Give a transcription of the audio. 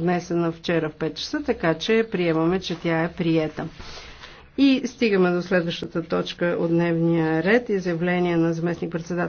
внесена вчера в 5 часа, така че приемаме, че тя е приета. И стигаме до следващата точка от дневния ред. Изявление на заместник председател